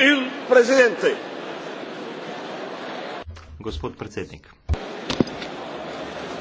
in prezidenti. Gospod predsednik.